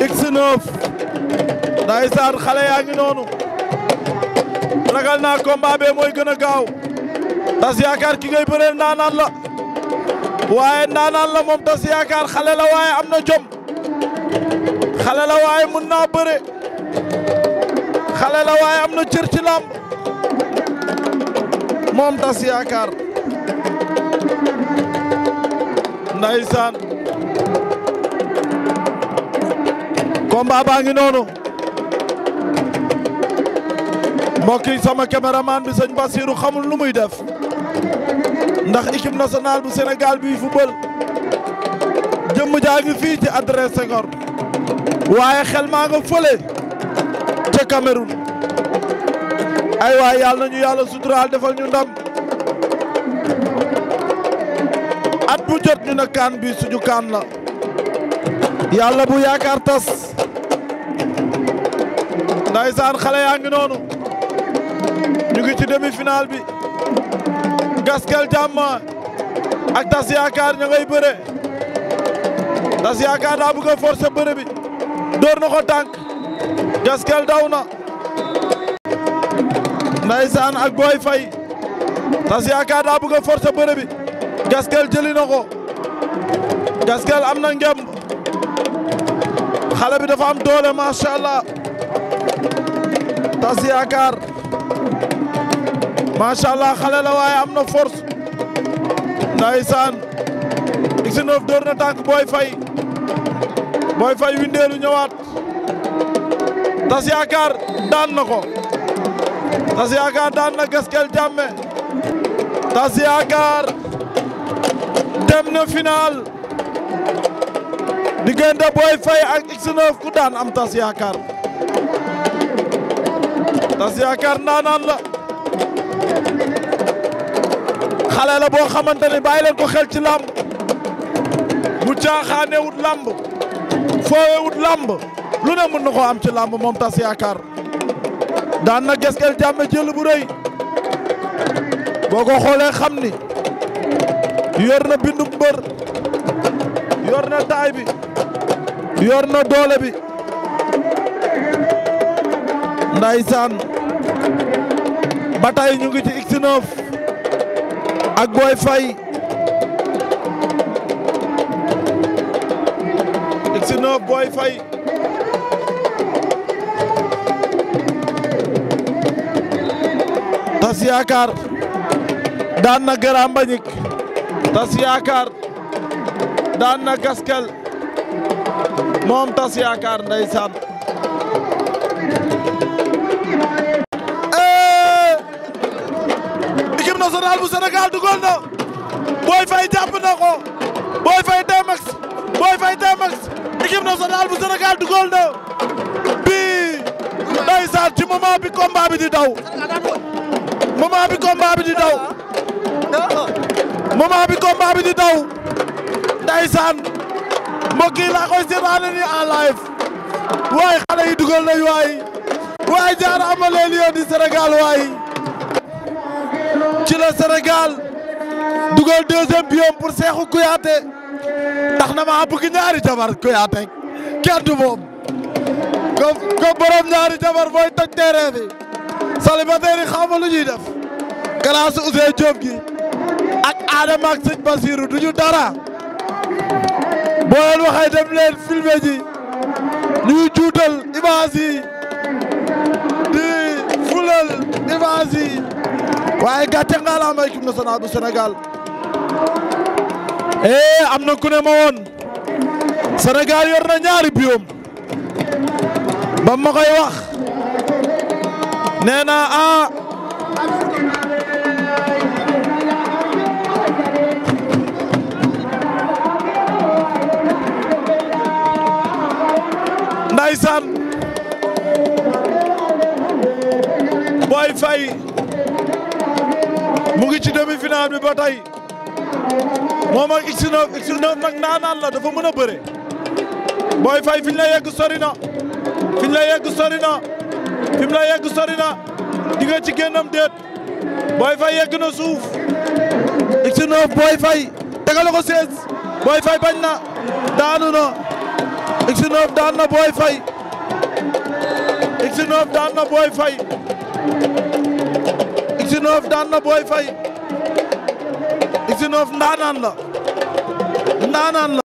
X9 ndaysaan xale yaa ngi noonu ragal naa combat bee mooy gën a gaaw tas yaakaar ki ngay bëreel ndaanaan la waaye ndaanaan la moom tas yaakaar xale la waaye am na jom xale la waaye mën naa bëre xale la waaye am na cër ci làmb moom tas yaakaar ndaysaan combat baa ngi noonu mbokk yi sama caméraman bi sëñ Bassirou xamul lu muy def ndax équipe nationale bu Sénégal bi football jëmm jaa ngi fii ci Adrien Senghor waaye xel maa nga fële ca Cameroun ay waay yàlla nañu yàlla suturaal defal ñu ndam at bu jot ñu ne kaan bi suñu kaan la yàlla bu yaakaar tas ndaysaan xale yaa ngi noonu ñu ci demi-finale bi Gaskel Jaama ak Tas Yaakaar bëre Tas daa bëgg a bëre bi door na ko tànk Gaskel daw na ndaysaan ak Boy Faye Tas Yaakaar daa bëgg a bëre bi Gaskel jëli Gaskel am na ngemb xale bi dafa doole macha tas yaakaar macha allah xale la waaye am na force ndaysaan X9 door na tànk Boy Faye Boy Faye windeelu ñëwaat tas yaakaar daan na ko tas yaakaar daan na gaskel jàmme tas yaakaar dem na final diggante Boy Faye ak x ku daan am tas yaakaar Tass Yakar ndaanaan la xale la boo xamante ne bàyyi leen ko xel ci làmb bu caaxaane wut làmb foowe wut làmb lu ne mën na ko am ci làmb moom Tass Yakar daan na Gaskel Jamme jël bu rëy boo ko xoolee xam ni yor na bindu mbër yor na taay bi yor na doole bi ba tey ñu ngi ci x ak Boy Faye X9 Boy tas yaakaar daan na Grand tas yaakaar daan na Gaskel moom tas yaakaar ndeysaan général bu na Boy Faye jàpp na ko Boy Faye Tmax Boy Faye Tmax équipe bu Sénégal dugal na bii ndeysaan ci moment bi combat bi di daw moment bi combat bi di daw moment bi combat bi laa koy seetaane ni en waaye xale yi dugal nañ waay waaye jaara amaleen yoon di Sénégal waay ci la dugal deuxième biom pour Cheikhou Kouyaté tax na maa bëgg ñaari jabar Kouyaté kenn moom ko ko borom ñaari jabar mooy toj terrain bi célibataire yi lu ñuy def grâce Ousseyn Diop gi ak Adama ak sëñ Basirou duñu dara boo leen waxee dem ji ñuy juutal image di fulal image waaye gàcce ngalaama équipe nationale bu Sénégal eh am na ku ne ma woon Sénégal yor na ñaari biom ba ma koy wax nee naa a ah. Ndeysaan Boy Faye mu ngi ci demi-finale bi ba tey moom ak X9 X9 nag ndaanaan la dafa mën a bëre Boy Faye fi la yegg sori na fi ñu la yegg sori na fi mu yegg sori na di nga ci génnam déet Boy Faye yegg na suuf X9 Boy Faye tegale ko 16 Boy Faye bañ na daanu na X9 daan na Boy Faye X9 daan na Boy Faye 19 daan na Boy Faye 19 ndaanaan la ndaanaan la